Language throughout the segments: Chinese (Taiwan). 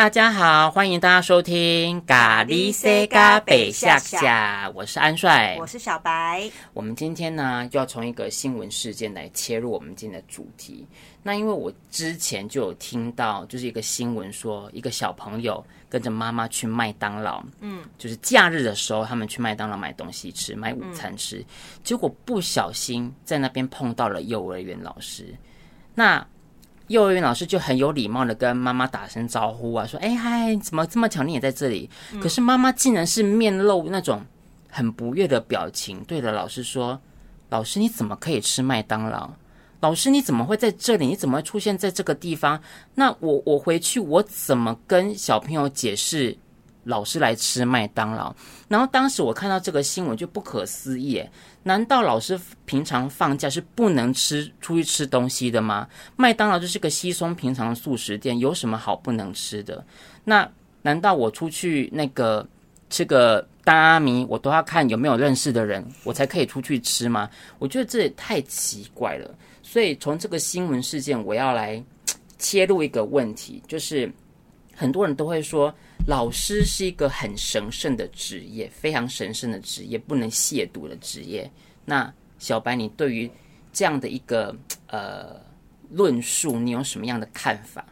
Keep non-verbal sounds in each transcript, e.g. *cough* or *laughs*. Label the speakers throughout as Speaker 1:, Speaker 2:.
Speaker 1: 大家好，歡迎大家收聽咖喱西咖北下下，我是安帥，我是小白。我們今天呢，就要從一個新聞事件來切入我們今天的主題。那因為我之前就有聽到，就是一個新聞說，一個小朋友跟着媽媽去麥當勞，嗯，就是假日的時候，他們去麥當勞買東西吃，買午餐吃，嗯、結果不小心在那邊碰到了幼兒園老師。那幼兒園老師就很有禮貌地跟媽媽打聲招呼啊，說：“哎嗨，怎麼這麼巧你也在這裡，嗯？”可是媽媽竟然是面露那種很不悅的表情，對着老師說：“老師你怎麼可以吃麥當勞？老師你怎麼會在這裡？你怎麼會出現在這個地方？那我我回去我怎麼跟小朋友解釋？”老師來吃麥當勞，然後當時我看到這個新聞就不可思議，難道老師平常放假是不能吃出去吃東西的嗎？麥當勞就是個稀鬆平常的速食店，有什麼好不能吃的？那難道我出去那個吃個當阿彌，我都要看有沒有認識的人，我才可以出去吃嗎？我覺得這也太奇怪了。所以從這個新聞事件，我要來切入一個問題，就是。很多人都會說，老師是一個很神聖的職業，非常神聖的職業，不能褻瀆的職業。那小白，你對於這樣的一個呃論述，你有什麼樣的看法？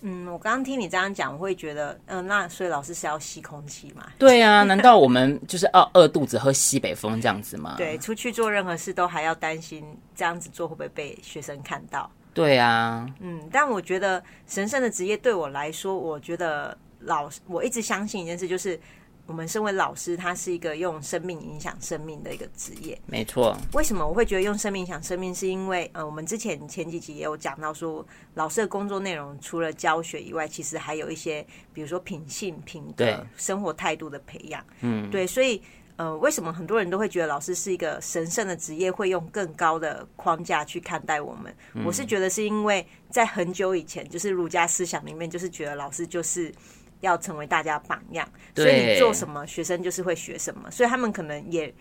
Speaker 2: 嗯，我剛剛聽你這樣講，我會覺得，嗯、呃，那所以老師是要吸空氣嗎？對啊，難
Speaker 1: 道我們就是餓餓肚子喝西北風這樣子嗎？ *laughs* 對，
Speaker 2: 出去做任何事都還要擔心，這樣子做會不會被學生看到？對啊，嗯，但我覺得神聖的職業對我來說，我覺得老我一直相信一件事，就是我們身為老師，他是一個用生命影響生命的一個職業。
Speaker 1: 沒錯，為
Speaker 2: 什麼我會覺得用生命影響生命，是因為呃，我們之前前幾集也有講到說，老師的工作內容除了教學以外，其實還有一些比如說品性、品德、生活態度的培養。嗯，對，所以。呃，為什麼很多人都會覺得老師是一個神聖的職業？會用更高的框架去看待我們？嗯，我是覺得是因為在很久以前，就是儒家思想裡面，就是覺得老師就是要成為大家的榜樣，所以你做什麼，學生就是會學什麼。所以他們可能也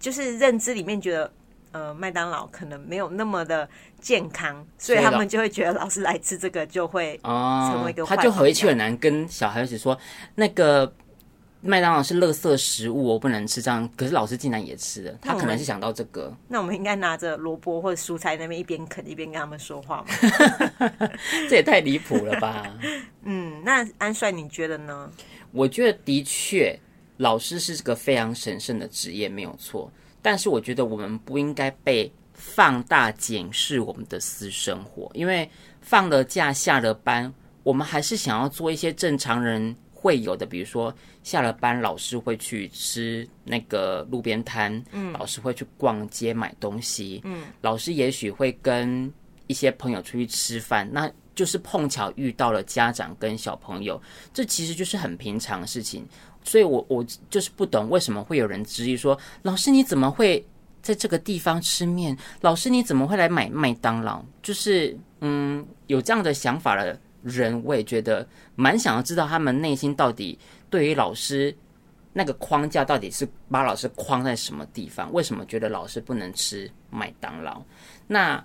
Speaker 2: 就是認知裡面覺得，呃，麥當勞可能沒有那麼的健康，所以他們就會覺得老師來吃這個就會成為一個的，哦，他就回去很
Speaker 1: 難跟小孩子說那個。麥當勞是垃圾食物，我不能吃。這樣，可是老師竟然也吃了，他可能是想到這個。
Speaker 2: 那我們應該拿着蘿蔔或者蔬菜那邊一邊啃一邊跟他們說話嗎？
Speaker 1: *laughs* *laughs* 這也太離譜了吧！ *laughs* 嗯，
Speaker 2: 那安帥，你覺得
Speaker 3: 呢？
Speaker 1: 我覺得的確，老師是個非常神聖的職業，沒有錯。但是，我覺得我們不應該被放大檢視我們的私生活，因為放了假、下了班，我們還是想要做一些正常人。會有的，比如說下了班，老師會去吃那個路邊攤，嗯，老師會去逛街買東西，嗯，老師也許會跟一些朋友出去吃飯，那就是碰巧遇到了家長跟小朋友，這其實就是很平常的事情，所以我我就是不懂為什麼會有人質疑說，老師你怎麼會在這個地方吃麵？老師你怎麼會來買麥當勞？就是嗯有這樣的想法了。人我也覺得蠻想要知道他們內心到底對於老師那個框架到底是把老師框在什麼地方？為什麼覺得老師不能吃麥當勞？那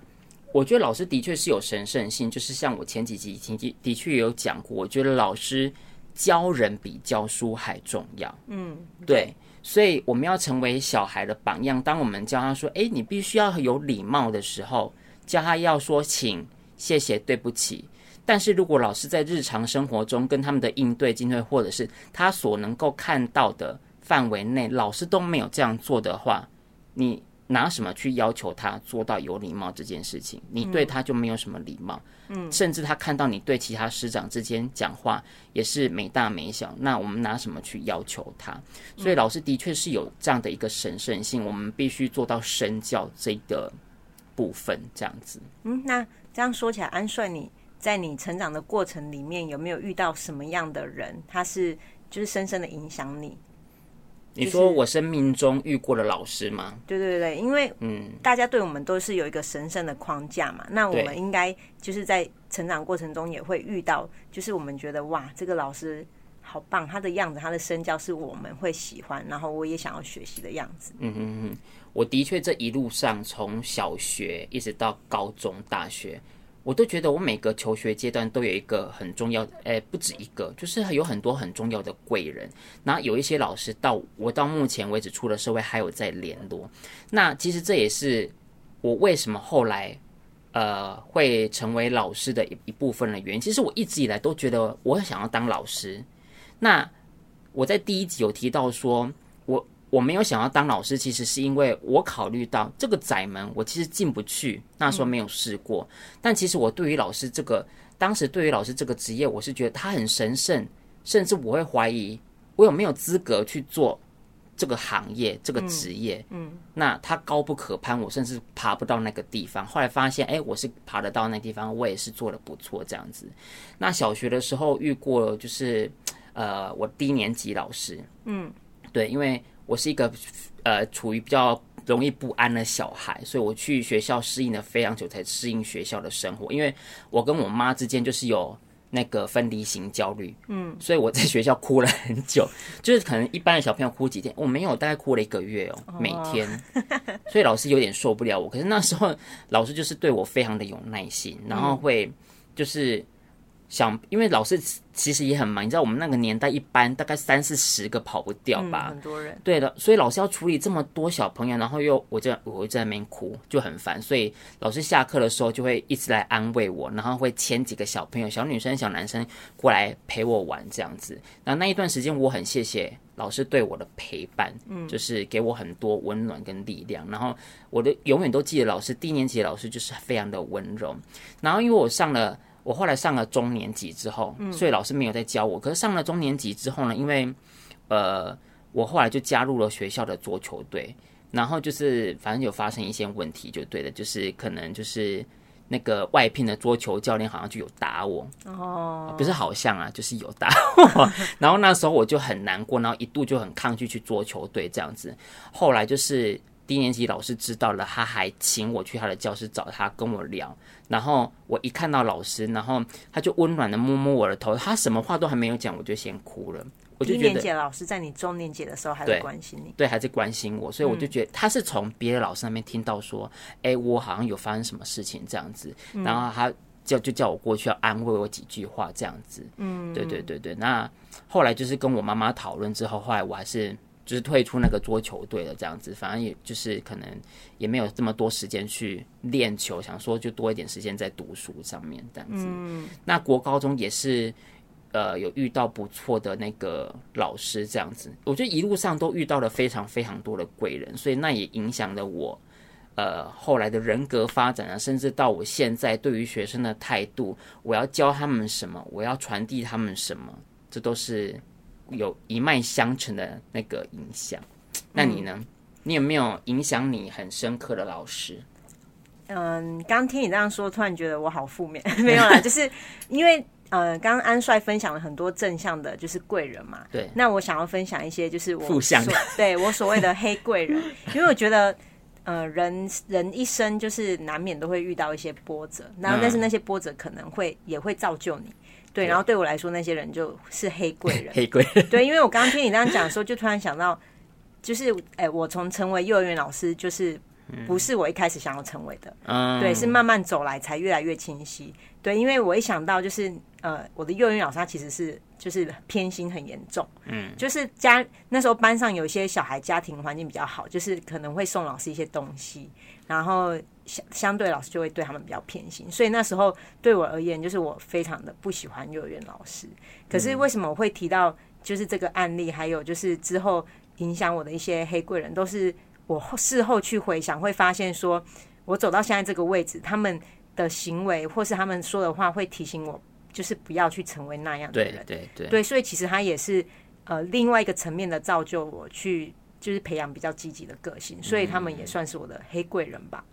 Speaker 1: 我覺得老師的確是有神聖性，就是像我前幾集已經的確有講過，我覺得老師教人比教書還重要。嗯，對，所以我們要成為小孩的榜樣。當我們教他說：“哎，你必須要有禮貌的時候，教他要說請、謝謝、對不起。”但是如果老師在日常生活中跟他們的應對、進退，或者是他所能夠看到的範圍內，老師都沒有這樣做的話，你拿什麼去要求他做到有禮貌這件事情？你對他就沒有什麼禮貌，嗯，甚至他看到你對其他師長之間講話也是沒大沒小，那我們拿什麼去要求他？所以老師的確是有這樣的一個神聖性，我們必須做到身教這個部分，這樣子。
Speaker 2: 嗯，那這樣說起來，安帥你，在你成長的過程裡面，有沒有遇到什麼樣的人？他是就是深深的影響你。
Speaker 1: 你說我生命中遇過的老師嗎？
Speaker 2: 就是，對對對，因為嗯，大家對我們都是有一個神聖的框架嘛。嗯、那我們應該就是在成長過程中也會遇到，就是我們覺得哇，這個老師好棒，他的樣子、他的身教是我們會喜歡，然後我也想要學習的樣子。
Speaker 1: 嗯嗯嗯，我的確這一路上從小學一直到高中、大學，我都覺得我每個求學階段都有一個很重要，誒，不止一個，就是有很多很重要的貴人。然後，有一些老師到我到目前為止出了社會還有在聯絡。那其實這也是我為什麼後來，呃，會成為老師的一,一部分的原因。其實我一直以來都覺得我很想要當老師。那我在第一集有提到說，我沒有想要當老師，其實是因為我考慮到這個窄門，我其實進不去。那時候沒有試過、嗯，但其實我對於老師這個，當時對於老師這個職業，我是覺得他很神聖，甚至我會懷疑我有沒有資格去做這個行業這個職業，嗯。嗯，那他高不可攀，我甚至爬不到那個地方。後來發現，哎、欸，我是爬得到那個地方，我也是做得不錯這樣子。那小學的時候遇過，就是呃，我低年級老師，嗯，對，因為。我是一個，呃，處於比較容易不安的小孩，所以我去學校適應了非常久才適應學校的生活。因為我跟我媽之間就是有那個分離型焦慮，嗯，所以我在學校哭了很久，就是可能一般的小朋友哭幾天，我、哦、沒有，大概哭了一個月，哦。每天，哦、 *laughs* 所以老師有點受不了我。可是那時候老師就是對我非常的有耐心，然後會就是。嗯想，因為老師其實也很忙，你知道我們那個年代一班大概三四十個跑不掉吧，嗯、很多人。對的，所以老師要處理這麼多小朋友，然後又我就我就在那邊哭，就很煩。所以老師下課的時候就會一直來安慰我，然後會牽幾個小朋友，小女生、小男生過來陪我玩這樣子。那那一段時間，我很謝謝老師對我的陪伴，嗯、就是給我很多溫暖跟力量。然後我的永遠都記得老師，低年級的老師就是非常的溫柔。然後因為我上了。我後來上了中年級之後，所以老師沒有再教我，嗯。可是上了中年級之後呢，因為，呃，我後來就加入了學校的桌球隊，然後就是反正有發生一些問題，就對的，就是可能就是那個外聘的桌球教練好像就有打我，哦，不是好像啊，就是有打我。 *laughs* 然後那時候我就很難過，然後一度就很抗拒去桌球隊這樣子。後來就是。低年級老師知道了，他還請我去他的教室找他，他跟我聊。然後我一看到老師，然後他就溫暖的摸摸我的頭，他什麼話都還沒有講，我就先哭了。我就覺得
Speaker 2: 老師在你中年級的時候還是關心你，對，
Speaker 1: 對還是關心我，所以我就覺得他是從別的老師那邊聽到說，哎、嗯欸，我好像有發生什麼事情這樣子，然後他叫就叫我過去要安慰我幾句話這樣子。嗯，對對對對。那後來就是跟我媽媽討論之後，後來我還是。就是退出那個桌球隊了，這樣子，反正也就是可能也沒有這麼多時間去練球，想說就多一點時間在讀書上面。這樣
Speaker 3: 子，
Speaker 1: 那國高中也是，呃，有遇到不錯的那個老師，這樣子，我覺得一路上都遇到了非常非常多的貴人，所以那也影響了我，呃，後來的人格發展啊，甚至到我現在對於學生的態度，我要教他們什麼，我要傳遞他們什麼，這都是。有一脈相承的那個影響，那你呢？你有沒有影響你很深刻的老師？
Speaker 2: 嗯，剛聽你這樣說，突然覺得我好負面。 *laughs* 沒有啦，就是因為呃，剛剛安帥分享了很多正向的，就是貴人嘛。對。那我想要分享一些，就是我負向的，對我所謂的黑貴人， *laughs* 因為我覺得呃，人人一生就是難免都會遇到一些波折，然後但是那些波折可能會、嗯、也會造就你。對，然後對我來說，那些人就是黑貴人。黑貴人對，因為我剛剛聽你這樣講的時候，就突然想到，就是哎、欸，我從成為幼兒園老師，就是不是我一開始想要成為的，嗯，對，是慢慢走來才越來越清晰。對，因為我一想到就是呃，我的幼兒園老師他其實是就是偏心很嚴重，嗯，就是家那時候班上有一些小孩家庭環境比較好，就是可能會送老師一些東西，然後。相對老師就會對他們比較偏心，所以那時候對我而言，就是我非常的不喜歡幼兒園老師。可是為什麼我會提到就是這個案例，還有就是之後影響我的一些黑貴人，都是我事後去回想會發現，說我走到現在這個位置，他們的行為或是他們說的話，會提醒我，就是不要去成為那樣的人。對對對，所以其實他也是呃另外一個層面的造就，我去就是培養比較積極的個性，所以他們也算是我的黑貴人吧。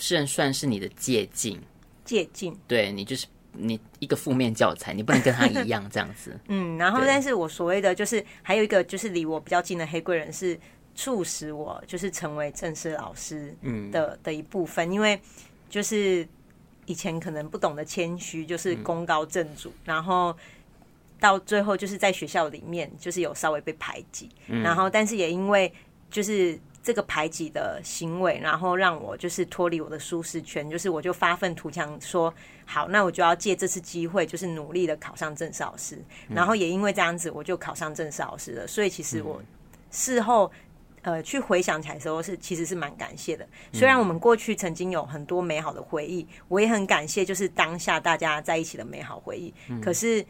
Speaker 1: 是算是你的借鏡，
Speaker 2: 借鏡，
Speaker 1: 對，你就是你一個負面教材，你不能跟他一樣這樣子。
Speaker 2: *laughs* 嗯，然後但是我所謂的就是還有一個就是離我比較近的黑貴人是促使我就是成為正式老師的、嗯、的一部分，因為就是以前可能不懂得謙虛，就是功高震主、嗯，然後到最後就是在學校裡面就是有稍微被排擠、嗯，然後但是也因為就是。這個排擠的行為，然後讓我就是脫離我的舒適圈，就是我就發憤圖強說，說好，那我就要借這次機會，就是努力的考上正式老師、嗯。然後也因為這樣子，我就考上正式老師了。所以其實我事後、嗯、呃去回想起來的時候是，是其實是蠻感謝的、嗯。雖然我們過去曾經有很多美好的回憶，我也很感謝，就是當下大家在一起的美好回憶。嗯、可是。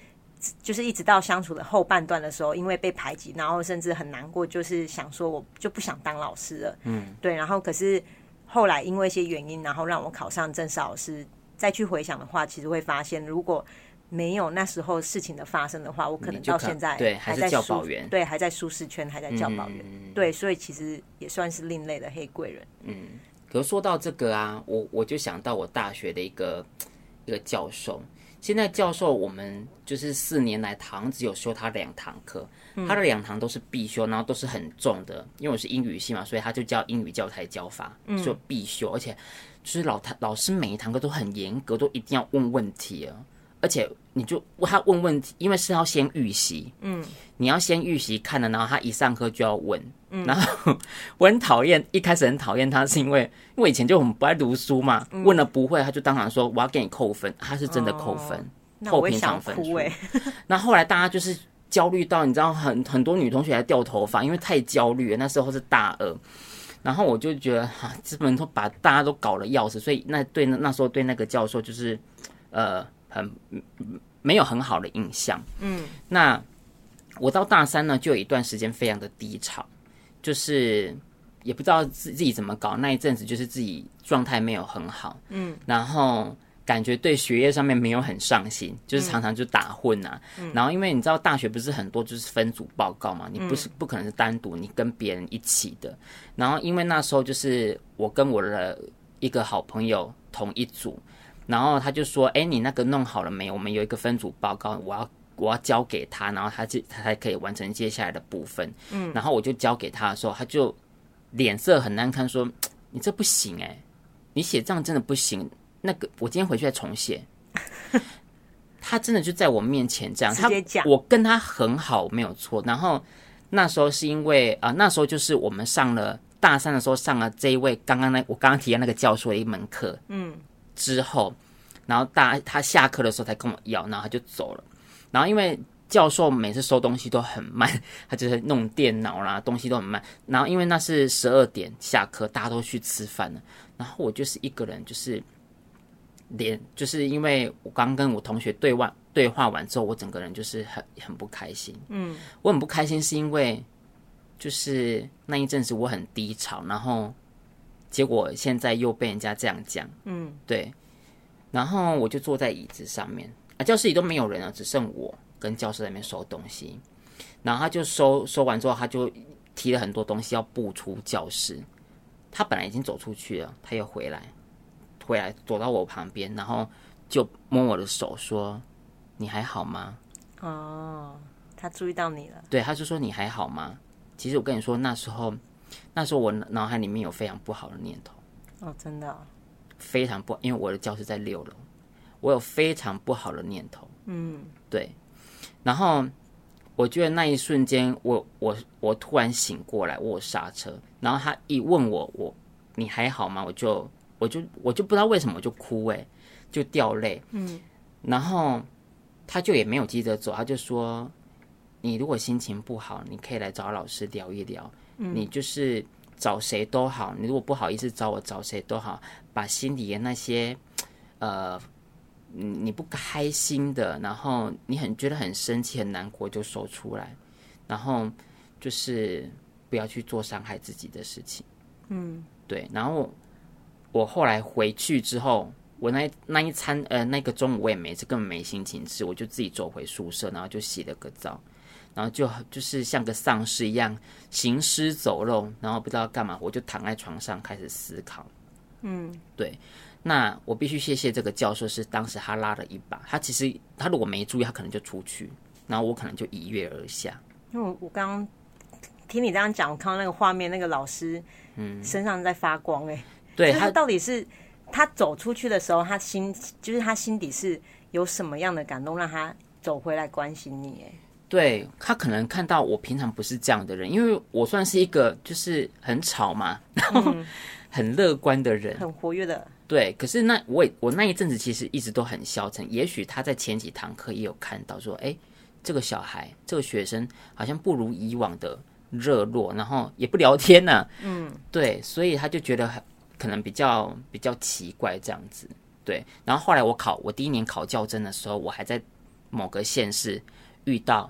Speaker 2: 就是一直到相處的後半段的時候，因為被排擠，然後甚至很難過，就是想說我就不想當老師了。嗯，對。然後可是後來因為一些原因，然後讓我考上正式老師。再去回想的話，其實會發現，如果沒有那時候事情的發生的話，我可能到現在對還在對還教保員，對還在舒適圈，還在教保員。嗯，對，所以其實也算是另類的黑貴人。嗯，
Speaker 1: 可是說到這個啊，我我就想到我大學的一個一個教授。現在教授我們就是四年來，堂只有修他兩堂課，他的兩堂都是必修，然後都是很重的。因為我是英語系嘛，所以他就教英語教材教法，就必修。而且就是老唐老師每一堂課都很嚴格，都一定要問問題啊。而且你就他問問題，因為是要先預習，嗯，你要先預習看了，然後他一上課就要問。然後我很討厭，一開始很討厭他，是因為因為以前就很不愛讀書嘛、嗯，問了不會，他就當場說我要給你扣分，他是真的扣分，扣平常分。哎，那來
Speaker 2: *laughs* 然
Speaker 1: 後,後來大家就是焦慮到，你知道很，很很多女同學還掉頭髮，因為太焦慮了，那時候是大二，然後我就覺得哈、啊，基本都把大家都搞了要死，所以那對那,那時候對那個教授就是呃很沒有很好的印象。嗯，那我到大三呢，就有一段時間非常的低潮。就是也不知道自自己怎麼搞，那一陣子就是自己狀態沒有很好，嗯，然後感覺對學業上面沒有很上心，嗯、就是常常就打混啊、嗯。然後因為你知道大學不是很多就是分組報告嘛，嗯、你不是不可能是單獨，你跟別人一起的。然後因為那時候就是我跟我的一個好朋友同一組，然後他就說：“哎，你那個弄好了沒？我們有一個分組報告，我要。”我要交給他，然後他就，他才可以完成接下來的部分。嗯，然後我就交給他的時候，他就臉色很難看，說：“你這不行哎，欸，你寫這樣真的不行。”那個我今天回去再重寫。他真的就在我面前這樣，他我跟他很好沒有錯。然後那時候是因為啊、呃，那時候就是我們上了大三的時候上了這一位剛剛那我剛剛提到那個教授的一門課，嗯，之後然後大他下課的時候才跟我要，然後他就走了。然後，因為教授每次收東西都很慢，他就是弄電腦啦，東西都很慢。然後，因為那是十二點下課，大家都去吃飯了。然後我就是一個人，就是連就是因為我剛跟我同學對話對話完之後，我整個人就是很很不開心。嗯，我很不開心是因為就是那一陣子我很低潮，然後結果現在又被人家這樣講。嗯，對。然後我就坐在椅子上面。啊、教室裡都沒有人了，只剩我跟教室裡面收東西。然後他就收收完之後，他就提了很多東西要步出教室。他本來已經走出去了，他又回來，回來走到我旁邊，然後就摸我的手說：“你還好嗎？”
Speaker 2: 哦，他注意到你
Speaker 1: 了。對，他就說：“你還好嗎？”其實我跟你說，那時候，那時候我腦海裡面有非常不好的念頭。
Speaker 2: 哦，真的、哦。
Speaker 1: 非常不好，因為我的教室在六樓。我有非常不好的念頭，嗯，對。然後我覺得那一瞬間，我我我突然醒過來，我剎車。然後他一問我，我你還好嗎？我就我就我就不知道為什麼我就哭哎、欸，就掉淚。嗯，然後他就也沒有急着走，他就說：“你如果心情不好，你可以來找老師聊一聊。嗯、你就是找誰都好，你如果不好意思找我，找誰都好，把心裡的那些呃。”你你不開心的，然後你很覺得很生氣、很難過，就說出來，然後就是不要去做傷害自己的事情。嗯，對。然後我後來回去之後，我那那一餐，呃，那個中午我也沒，根本沒心情吃，我就自己走回宿舍，然後就洗了個澡，然後就就是像個喪屍一樣行屍走肉，然後不知道幹嘛，我就躺在床上開始思考。嗯，對。那我必須謝謝這個教授，是當時他拉了一把。他其實他如果沒注意，他可能就出去，然後我可能就一躍而下。
Speaker 2: 因為、嗯、我剛聽你這樣講，我看到那個畫面，那個老師，
Speaker 3: 嗯，身
Speaker 2: 上在發光、欸，哎，對他、就是、他到底是他走出去的時候，他心就是他心底是有什麼樣的感動，讓他走回來關心你、欸？哎，
Speaker 1: 對他可能看到我平常不是這樣的人，因為我算是一個就是很吵嘛，然後很樂觀的人，嗯、
Speaker 2: 很活躍的。
Speaker 1: 對，可是那我也我那一陣子其實一直都很消沉。也許他在前幾堂課也有看到說，誒，這個小孩這個學生好像不如以往的熱絡，然後也不聊天呢、啊。嗯，對，所以他就覺得可能比較比較奇怪這樣子。對，然後後來我考我第一年考教甄的時候，我還在某個縣市遇到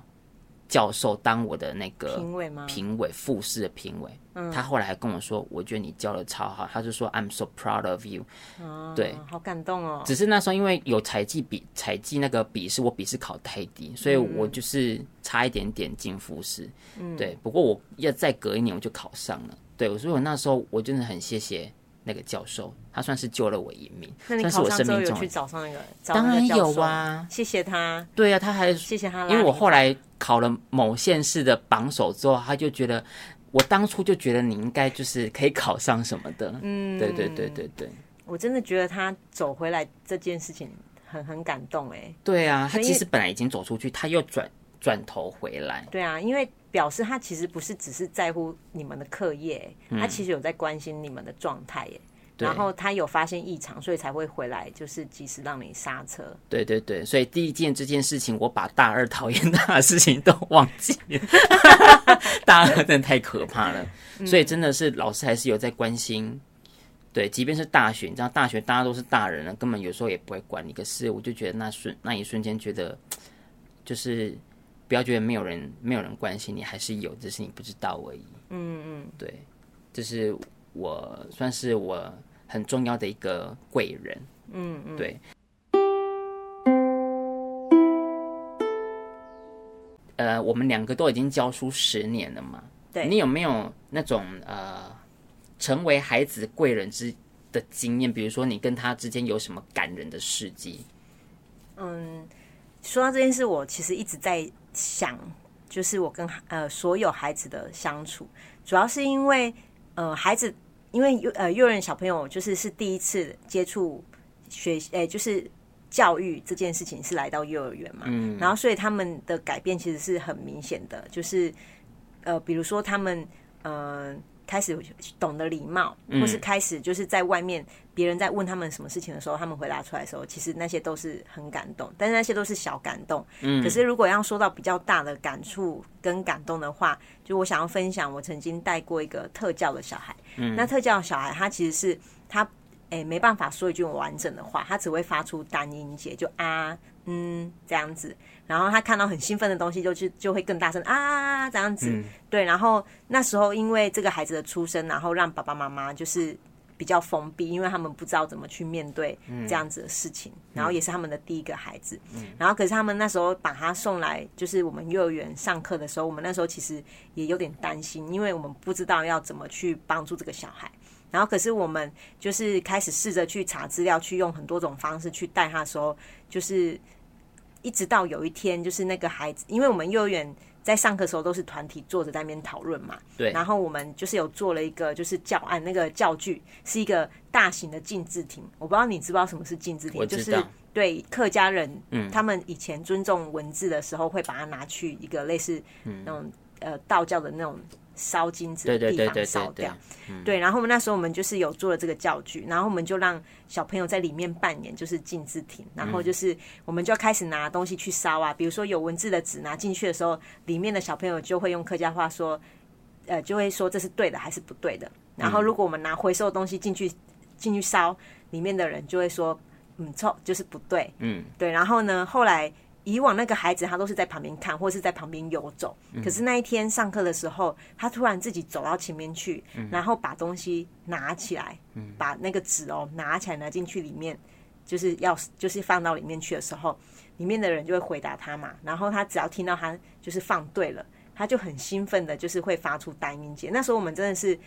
Speaker 1: 教授當我的那個評委嗎？評委複試的評委。嗯、他後來還跟我說：“我覺得你教得超好。”他就說：“I'm so proud of you、啊。”
Speaker 2: 對，好感動哦。只是
Speaker 1: 那時候因為有才藝比才藝那個筆試，我筆試考太低，所以我就是差一點點進複試。對，不過我要再隔一年我就考上了、嗯。對，我說我那時候我真的很謝謝那個教授，他算是救了我一命。有有那個、算是我生命中去
Speaker 2: 找上那個？當然有啊，謝謝他。對啊，他還謝謝他，因為我
Speaker 1: 後來考了某縣市的榜首之後，他就覺得。我當初就覺得你應該就是可以考上什麼的，嗯，對對對對對、嗯，
Speaker 2: 我真的覺得他走回來這件事情很很感動哎、欸。對
Speaker 1: 啊，他其實本來已經走出去，他又轉轉頭回來。
Speaker 2: 對啊，因為表示他其實不是只是在乎你們的課業，他其實有在關心你們的狀態耶。嗯然後他有發現異常，所以才會回來，就是及時讓你剎車。
Speaker 1: 對對對，所以第一件這件事情，我把大二討厭他的事情都忘記了。 *laughs* *laughs* 大二真的太可怕了，對對對，所以真的是老師還是有在關心，嗯。對，即便是大學，你知道大學大家都是大人了，根本有時候也不會管你。可是我就覺得那瞬那一瞬間，覺得就是不要覺得沒有人沒有人關心你，還是有，只是你不知道而已。嗯
Speaker 3: 嗯，
Speaker 1: 對，就是我算是我。很重要的一個貴人，嗯嗯，對。呃，我們兩個都已經教書十年了嘛，對。你有沒有那種呃，成為孩子貴人之的經驗？比如說，你跟他之間有什麼感人的事蹟？
Speaker 2: 嗯，說到這件事，我其實一直在想，就是我跟呃所有孩子的相處，主要是因為呃孩子。因為幼，呃，幼兒園小朋友就是是第一次接觸學，誒、欸，就是教育這件事情，是來到幼兒園嘛，嗯，然後所以他們的改變其實是很明顯的，就是呃，比如說他們嗯。呃開始懂得禮貌，或是開始就是在外面別人在問他們什麼事情的時候，嗯，他們回答出來的時候，其實那些都是很感動，但是那些都是小感動。嗯，可是如果要說到比較大的感觸跟感動的話，就我想要分享，我曾經帶過一個特教的小孩。嗯，那特教的小孩他其實是他哎，欸，沒辦法說一句完整的話，他只會發出單音節，就啊，嗯，這樣子。然後他看到很興奮的東西，就去就會更大聲啊，這樣子。對，然後那時候因為這個孩子的出生，然後讓爸爸媽媽就是比較封閉，因為他們不知道怎麼去面對這樣子的事情。然後也是他們的第一個孩子。然後可是他們那時候把他送來，就是我們幼兒園上課的時候，我們那時候其實也有點擔心，因為我們不知道要怎麼去幫助這個小孩。然後可是我們就是開始試着去查資料，去用很多種方式去帶他的時候，就是。一直到有一天，就是那個孩子，因為我們幼兒園在上課時候都是團體坐着在那邊討論嘛，對。然後我們就是有做了一個，就是教案，那個教具是一個大型的敬字亭。我不知道你知不知道什麼是敬字亭？就是對客家人，嗯，他們以前尊重文字的時候，會把它拿去一個類似那種、嗯、呃道教的那種。燒金子的地方燒掉對對對對對對對，對。然後我們那時候我們就是有做了這個教具，嗯，然後我們就讓小朋友在裡面扮演就是敬字亭，然後就是我們就要開始拿東西去燒啊，嗯，比如說有文字的紙拿進去的時候，裡面的小朋友就會用客家話說，呃，就會說這是對的還是不對的。然後如果我們拿回收的東西進去進去燒，裡面的人就會說，嗯，錯，就是不對，嗯，對。然後呢，後來。以往那個孩子，他都是在旁邊看，或者是在旁邊游走、嗯。可是那一天上課的時候，他突然自己走到前面去，嗯、然後把東西拿起來，嗯、把那個紙哦拿起來拿進去裡面，就是要就是放到裡面去的時候，裡面的人就會回答他嘛。然後他只要聽到他就是放對了，他就很興奮的，就是會發出單音節。那時候我們真的是，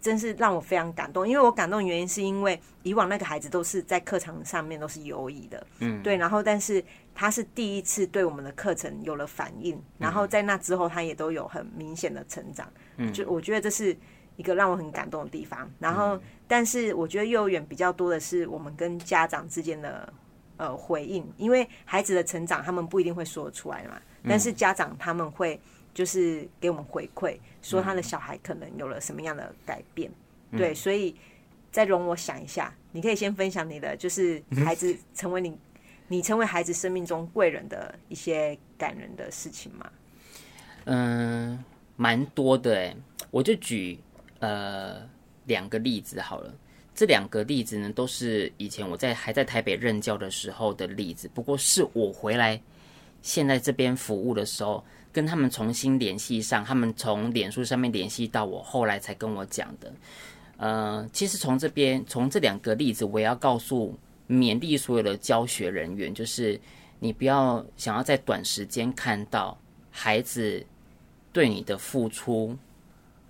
Speaker 2: 真是讓我非常感動，因為我感動的原因是因為以往那個孩子都是在課堂上面都是游移的，嗯，對，然後但是。他是第一次對我們的課程有了反應、嗯，然後在那之後，他也都有很明顯的成長、嗯，就我覺得這是一個讓我很感動的地方。然後，嗯、但是我覺得幼兒園比較多的是我們跟家長之間的呃回應，因為孩子的成長他們不一定會說出來嘛、嗯，但是家長他們會就是給我們回饋、嗯，說他的小孩可能有了什麼樣的改變、嗯。對，所以再容我想一下，你可以先分享你的，就是孩子成為你。 *laughs* 你成為孩子生命中貴人的一些感人的事情嗎？嗯、
Speaker 1: 呃，蠻多的、欸，誒，我就舉呃兩個例子好了。這兩個例子呢，都是以前我在還在台北任教的時候的例子，不過是我回來現在這邊服務的時候，跟他們重新聯繫上，他們從臉書上面聯繫到我，後來才跟我講的。呃，其實從這邊從這兩個例子，我也要告訴。勉勵所有的教學人員，就是你不要想要在短時間看到孩子對你的付出，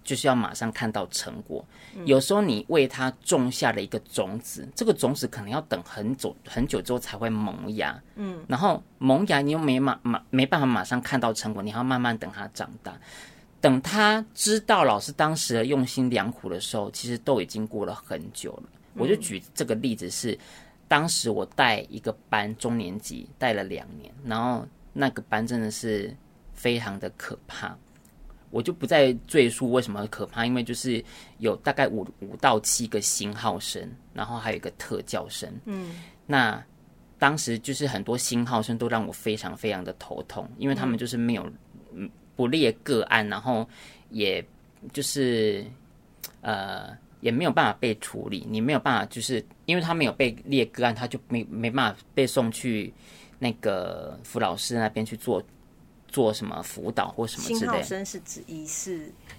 Speaker 1: 就是要馬上看到成果。有時候你為他種下了一個種子，嗯、這個種子可能要等很久很久之後才會萌芽。嗯，然後萌芽你又沒馬馬沒辦法馬上看到成果，你要慢慢等他長大，等他知道老師當時的用心良苦的時候，其實都已經過了很久了。我就舉這個例子是。嗯當時我帶一個班中年級，帶了兩年，然後那個班真的是非常的可怕，我就不再贅述為什麼可怕，因為就是有大概五五到七個星號生，然後還有一個特教生，嗯，那當時就是很多星號生都讓我非常非常的頭痛，因為他們就是沒有不列個案，嗯、然後也就是呃。也沒有辦法被處理，你沒有辦法，就是因為他沒有被列個案，他就沒沒辦法被送去那個輔導室那邊去做做什麼輔導或什麼之類的。
Speaker 2: 是指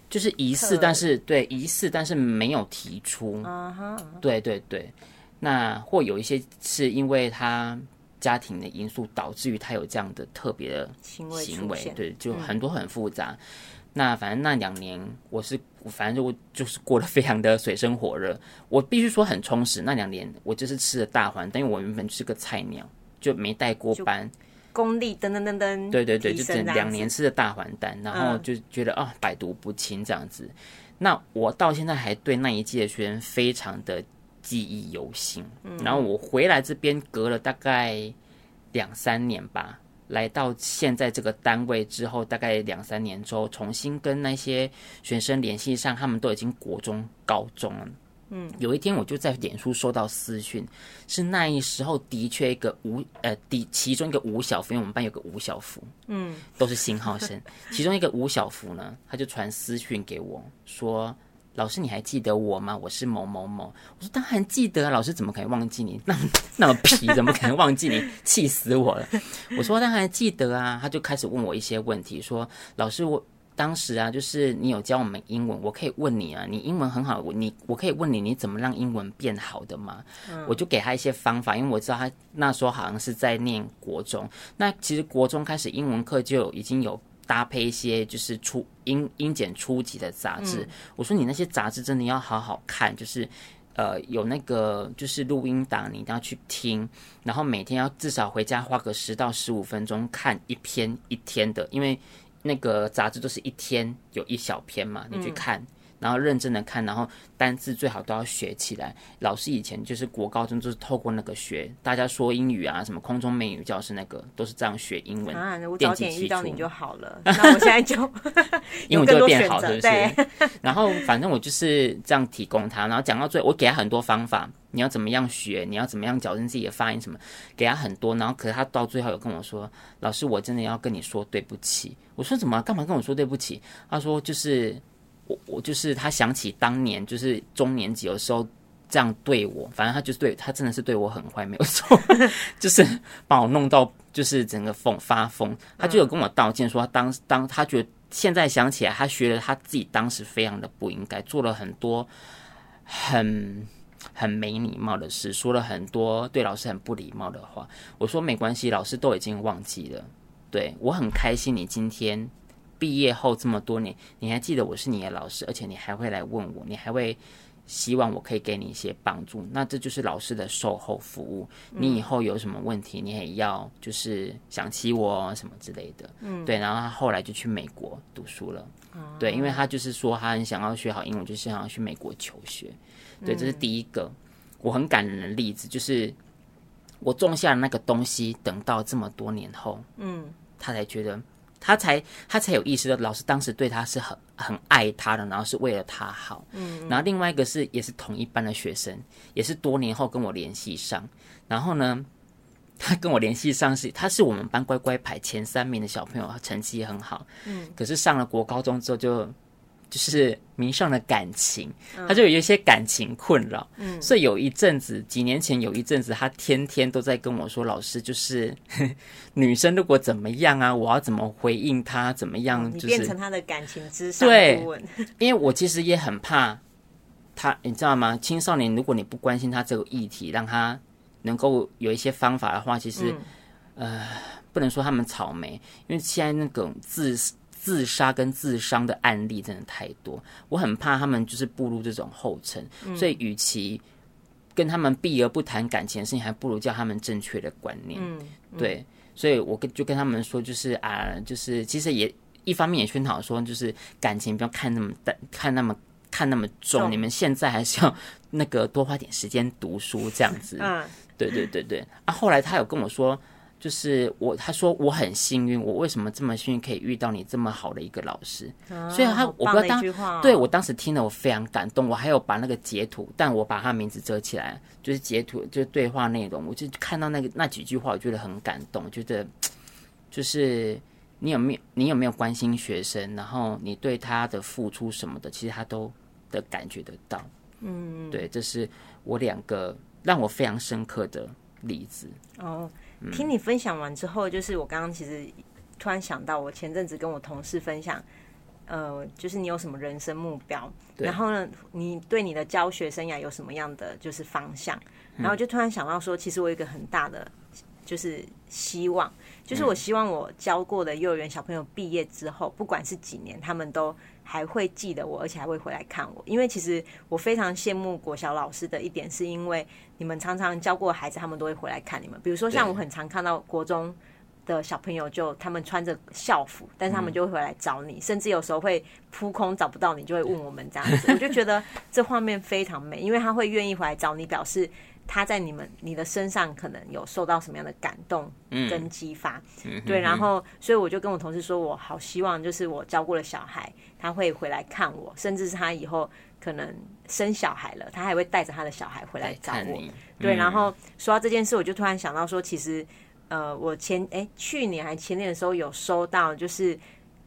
Speaker 1: 就是疑似，但是對，疑似但是沒有提出。啊哈，對對對，那或有一些是因為他家庭的因素導致於他有這樣的特別的行為，對，就很多很複雜。嗯那反正那兩年我是我反正我就是過得非常的水深火熱，我必須說很充實。那兩年我就是吃了大還丹，因為我原本就是個菜鳥，就沒帶過班，
Speaker 2: 功力噔噔噔噔。對對對，就整兩年吃
Speaker 1: 了大還丹，然後就覺得啊、哦、百毒不侵這樣子。那我到現在還對那一屆的學生非常的記憶猶新。然後我回來這邊隔了大概兩三年吧。來到現在這個單位之後，大概兩三年之後，重新跟那些學生聯繫上，他們都已經國中、高中了。嗯，有一天我就在臉書收到私訊，是那一時候的確一個吳，呃，的其中一個吳小福，因為我們班有個吳小福，嗯，都是信號生，其中一個吳小福呢，他就傳私訊給我說。老師，你還記得我嗎？我是某某某。我說當然記得啊，老師怎麼可能忘記你？那麼那麼皮，怎麼可能忘記你？氣 *laughs* 死我了！我說當然記得啊，他就開始問我一些問題，說老師我，我當時啊，就是你有教我們英文，我可以問你啊，你英文很好，我你我可以問你，你怎麼讓英文變好的嗎？嗯，我就給他一些方法，因為我知道他那時候好像是在念國中，那其實國中開始英文課就已經有。搭配一些就是初英英簡初級的雜誌，嗯，我說，你那些雜誌真的要好好看，就是，呃，有那個就是錄音檔，你一定要去聽，然後每天要至少回家花個十到十五分鐘看一篇一天的，因為那個雜誌都是一天有一小篇嘛，你去看。嗯然後認真的看，然後單字最好都要學起來。老師以前就是國高中，就是透過那個學，大家說英語啊，什麼空中美語教師那個，都是這樣學英文。啊，我早點遇到你就
Speaker 2: 好了。然後 *laughs* 我現在就
Speaker 1: 英文就會變好，對是不對？然後反正我就是這樣提供他，然後講到最後，我給他很多方法，你要怎麼樣學，你要怎麼樣矯正自己的發音什麼，給他很多。然後可是他到最後有跟我說，老師我真的要跟你說對不起。我說怎麼，幹嘛跟我說對不起？他說就是。我我就是他想起當年就是中年級的時候這樣對我，反正他就是對他真的是對我很壞沒有錯，就是把我弄到就是整個瘋發瘋，他就有跟我道歉說當他當他覺得現在想起來他覺得他自己當時非常的不應該，做了很多很很沒禮貌的事，說了很多對老師很不禮貌的話。我說沒關係，老師都已經忘記了，對，我很開心，你今天。畢業後這麼多年，你還記得我是你的老師，而且你還會來問我，你還會希望我可以給你一些幫助。那這就是老師的售後服務。你以後有什麼問題，你也要就是想起我什麼之類的。嗯，對。然後他後來就去美國讀書了，嗯。對，因為他就是說他很想要學好英文，就是想要去美國求學。
Speaker 3: 對，這是第
Speaker 1: 一個，嗯，我很感人的例子，就是我種下那個東西，等到這麼多年後，
Speaker 3: 嗯，
Speaker 1: 他才覺得。他才他才有意識到，老師當時對他是很很愛他的，然後是為了他好。嗯，然後另外一個是也是同一班的學生，也是多年後跟我聯繫上。然後呢，他跟我聯繫上是他是我們班乖乖牌前三名的小朋友，成績很好。嗯，可是上了國高中之後就。就是迷上的感情、嗯，他就有一些感情困擾、嗯，所以有一陣子，幾年前有一陣子，他天天都在跟我說：“老師，就是呵呵女生如果怎麼樣啊，我要怎麼回應她？怎麼樣、就是？就、嗯、變成他
Speaker 2: 的感情之上
Speaker 1: 顧問。對，因為我其實也很怕他，你知道嗎？青少年如果你不關心他這個議題，讓他能夠有一些方法的話，其實、嗯、呃，不能說他們草莓，因為現在那種自……自殺跟自傷的案例真的太多，我很怕他們就是步入這種後塵、嗯，所以與其跟他們避而不談感情的事情，還不如教他們正確的觀念、嗯。對，所以我跟就跟他們說、就是呃，就是啊，就是其實也一方面也宣導說，就是感情不要看那麼大，看那麼看那麼重、哦，你們現在還是要那個多花點時間讀書這樣子。嗯，對對對對。啊，後來他有跟我說。就是我，他說我很幸運，我為什麼這麼幸運可以遇到你這麼好的一個老師？
Speaker 3: 所以他我不知道當對我
Speaker 1: 當時聽了我非常感動，我還有把那個截圖，但我把他名字遮起來，就是截圖就是對話內容，我就看到那個那幾句話，我覺得很感動，覺得就是你有沒有你有沒有關心學生，然後你對他的付出什麼的，其實他都的感覺得到。嗯，對，這是我兩個讓我非常深刻的例子。哦。聽
Speaker 2: 你分享完之後，就是我剛剛其實突然想到，我前陣子跟我同事分享，呃，就是你有什麼人生目標，然後呢，你對你的教學生涯有什麼樣的就是方向，然後就突然想到說，其實我有一個很大的就是希望，就是我希望我教過的幼兒園小朋友畢業之後，不管是幾年，他們都。還會記得我，而且還會回來看我。因為其實我非常羨慕國小老師的一點，是因為你們常常教過孩子，他們都會回來看你們。比如說，像我很常看到國中的小朋友，就他們穿着校服，但是他們就會回來找你，嗯、甚至有時候會撲空找不到你，就會問我們這樣子。我就覺得這畫面非常美，因為他會願意回來找你，表示，他在你們你的身上可能有受到什麼樣的感動跟激發？嗯、
Speaker 3: 對，然後
Speaker 2: 所以我就跟我同事說，我好希望就是我教過的小孩，他會回來看我，甚至是他以後可能生小孩了，他還會帶着他的小孩回來找我。嗯、對，然後說到這件事，我就突然想到說，其實呃，我前誒、欸，去年還前年的時候有收到就是。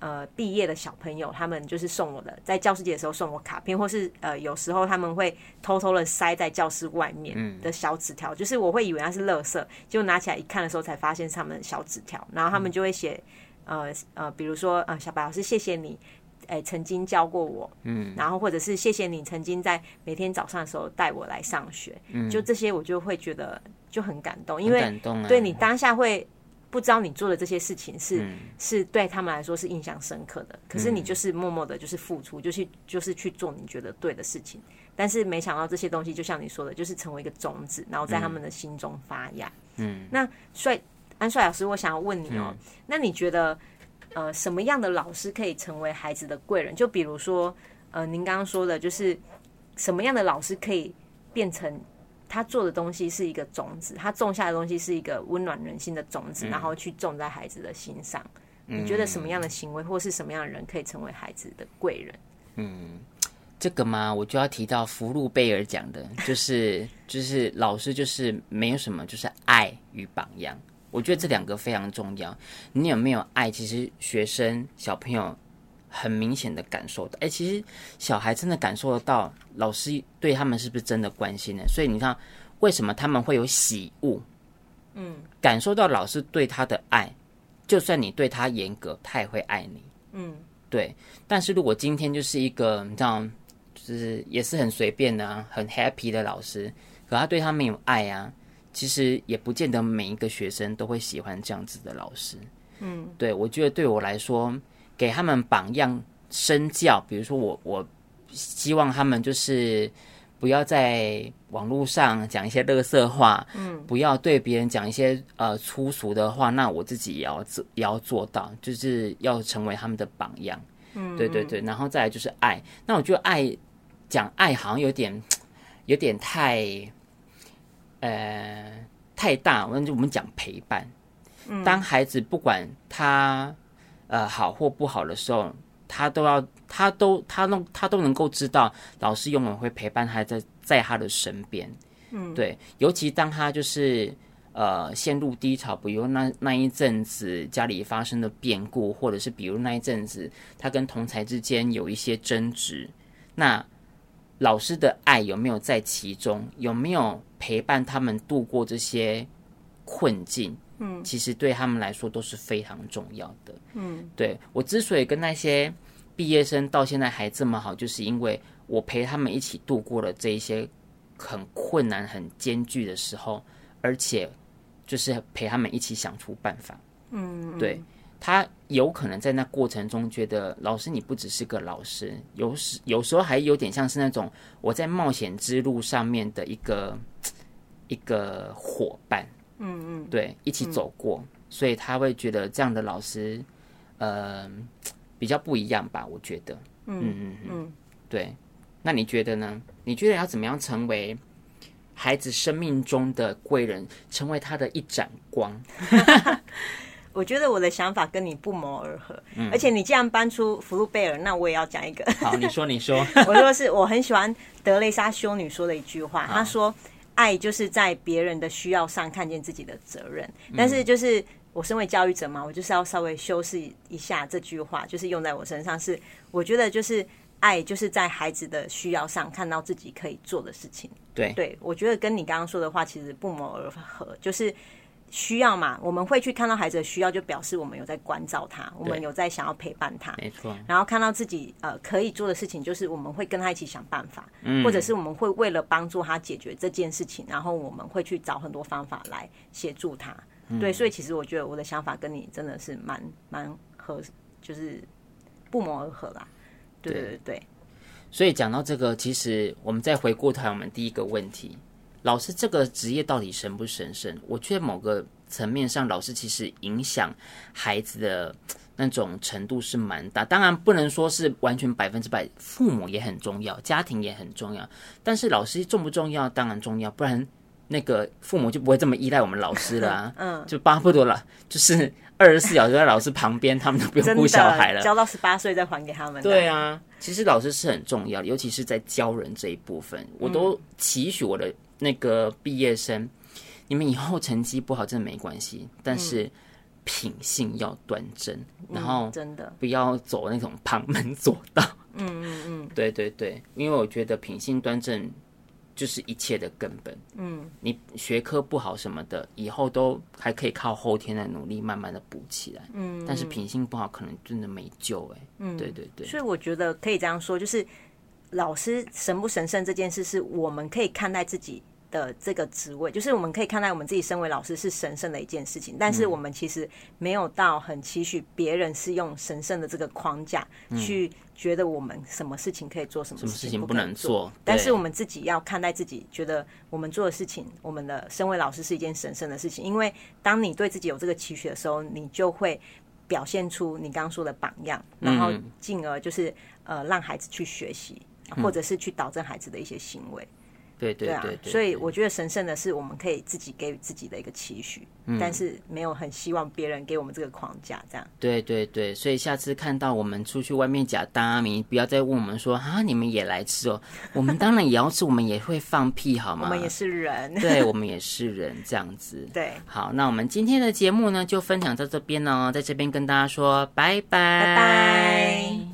Speaker 2: 呃，畢業的小朋友，他們就是送我的，在教師節的時候送我卡片，或是呃，有時候他們會偷偷的塞在教室外面的小紙條、嗯，就是我會以為他是垃圾，就拿起來一看的時候，才發現是他們的小紙條，然後他們就會寫、嗯，呃呃，比如說呃，小白老師謝謝你，哎、欸，曾經教過我，嗯，然後或者是謝謝你曾經在每天早上的時候帶我來上學，嗯，就這些我就會覺得就很感動，因為感動、欸、對你當下會。不知道你做的這些事情是、嗯、是對他們來說是印象深刻的，可是你就是默默的，就是付出，嗯、就是就是去做你覺得對的事情，但是沒想到這些東西，就像你說的，就是成為一個種子，然後在他們的心中發芽。嗯，那帥安帥老師，我想要問你哦，嗯、那你覺得呃什麼樣的老師可以成為孩子的貴人？就比如說呃您剛剛說的，就是什麼樣的老師可以變成？他做的東西是一個種子，他種下的東西是一個溫暖人心的種子、嗯，然後去種在孩子的心上。
Speaker 1: 嗯、你覺得什
Speaker 2: 麼樣的行為或是什麼樣的人可以成為孩子的貴人？嗯，
Speaker 1: 這個嘛，我就要提到福祿貝爾講的，就是就是老師就是沒有什麼， *laughs* 就是沒有什麼，就是愛與榜樣。我覺得這兩個非常重要。你有沒有愛？其實學生小朋友。嗯很明顯的感受到，哎、欸，其實小孩真的感受得到老師對他們是不是真的關心呢？所以你看，為什麼他們會有喜惡？嗯，感受到老師對他的愛，就算你對他嚴格，他也會愛你。嗯，對。但是如果今天就是一個你知道，就是也是很隨便的、啊、很 happy 的老師，可他對他沒有愛啊，其實也不見得每一個學生都會喜歡這樣子的老師。嗯，對我覺得對我來說。給他們榜樣身教，比如說我，我希望他們就是不要在網絡上講一些垃圾話，嗯，不要對別人講一些呃粗俗的話，那我自己也要做，也要做到，就是要成為他們的榜樣，嗯，
Speaker 3: 對對對，
Speaker 1: 然後再來就是愛，那我覺得愛講愛好像有點有點太，呃，太大，就我們講陪伴，嗯，當孩子不管他。呃，好或不好的時候，他都要，他都，他都，他都能夠知道，老師永遠會陪伴他在在他的身邊，嗯，對。尤其當他就是呃陷入低潮，比如那那一陣子家裡發生了變故，或者是比如那一陣子他跟同儕之間有一些爭執，那老師的愛有沒有在其中？有沒有陪伴他們度過這些困境？其實對他們來說都是非常重要的。嗯，對，我之所以跟那些畢業生到現在還這麼好，就是因為我陪他們一起度過了這一些很困難、很艱鉅的時候，而且就是陪他們一起想出辦法。嗯，對，他有可能在那過程中覺得老師你不只是個老師，有時有時候還有點像是那種我在冒險之路上面的一個一個夥伴。嗯嗯，對，一起走過，嗯，所以他會覺得這樣的老師，嗯、呃，比較不一樣吧？我覺得，嗯嗯嗯
Speaker 3: 嗯，
Speaker 1: 對。那你覺得呢？你覺得要怎麼樣成為孩子生命中的貴人，成為他的一盞光？
Speaker 2: *laughs* *laughs* 我覺得我的想法跟你不謀而合，嗯，而且你既然搬出福祿貝爾，那我也要講一個。 *laughs* 好，你
Speaker 1: 說，你說。 *laughs* 我說
Speaker 2: 是，我很喜歡德雷莎修女說的一句話，她說。愛就是在別人的需要上看見自己的責任，但是就是我身為教育者嘛，我就是要稍微修飾一下這句話，就是用在我身上。是我覺得就是愛就是在孩子的需要上看到自己可以做的事情。對，對我覺得跟你剛剛說的話其實不謀而合，就是。需要嘛？我們會去看到孩子的需要，就表示我們有在關照他，我們有在想要陪伴他。沒錯。然後看到自己呃可以做的事情，就是我們會跟他一起想辦法，嗯、或者是我們會為了幫助他解決這件事情，然後我們會去找很多方法來協助他、嗯。對，所以其實我覺得我的想法跟你真的是蠻蠻合，就是不謀而合
Speaker 1: 啦。對對對，對，對所以講到這個，其實我們再回顧一下我們第一個問題。老師這個職業到底神不神聖？我覺得某個層面上，老師其實影響孩子的那種程度是蠻大。當然不能說是完全百分之百，父母也很重要，家庭也很重要。但是老師重不重要？當然重要，不然那個父母就不會這麼依賴我們老師了啊。 *laughs* 嗯，就巴不得了就是二十四小時在老師旁邊， *laughs* 他們就不用顧小孩了，教
Speaker 2: 到十八歲再還給他們。對啊，
Speaker 1: 其實老師是很重要的，尤其是在教人這一部分，我都期許我的，嗯。那個畢業生，你們以後成績不好真的沒關係，但是品性要端正，嗯、然後真的不要走那種旁門左道。嗯嗯嗯，對對對，因為我覺得品性端正就是一切的根本。嗯，你學科不好什麼的，以後都還可以靠後天的努力慢慢的補起來。嗯，但是品性不好可能真的沒救哎、欸。嗯，對對對。
Speaker 2: 所以我覺得可以這樣說，就是老師神不神聖這件事，是我們可以看待自己。的這個職位，就是我們可以看待我們自己身為老師是神聖的一件事情，但是我們其實沒有到很期許別人是用神聖的這個框架去覺得我們什麼事情可以做，什麼事情可以做，什麼事情不能做。但是我們自己要看待自己，覺得我們做的事情，我們的身為老師是一件神聖的事情。因為當你對自己有這個期許的時候，你就會表現出你剛剛說的榜樣，然後進而就是、嗯、呃讓孩子去學習，或者是去導正孩子的一些行為。
Speaker 1: 對對對,對,對、啊、所以
Speaker 2: 我覺得神聖的是我們可以自己給自己的一個期許、嗯，但是沒有很希望別人給我們這個框架這樣。
Speaker 1: 對對對，所以下次看到我們出去外面假大阿明，不要再問我們說啊，你們也來吃哦、喔，我們當然也要吃， *laughs* 我們也會放屁好嗎？我們也是
Speaker 2: 人， *laughs* 對，我
Speaker 1: 們也是人這樣子。對，好，那我們今天的節目呢，就分享到這邊呢、喔，在這邊跟大家說拜拜拜拜。Bye bye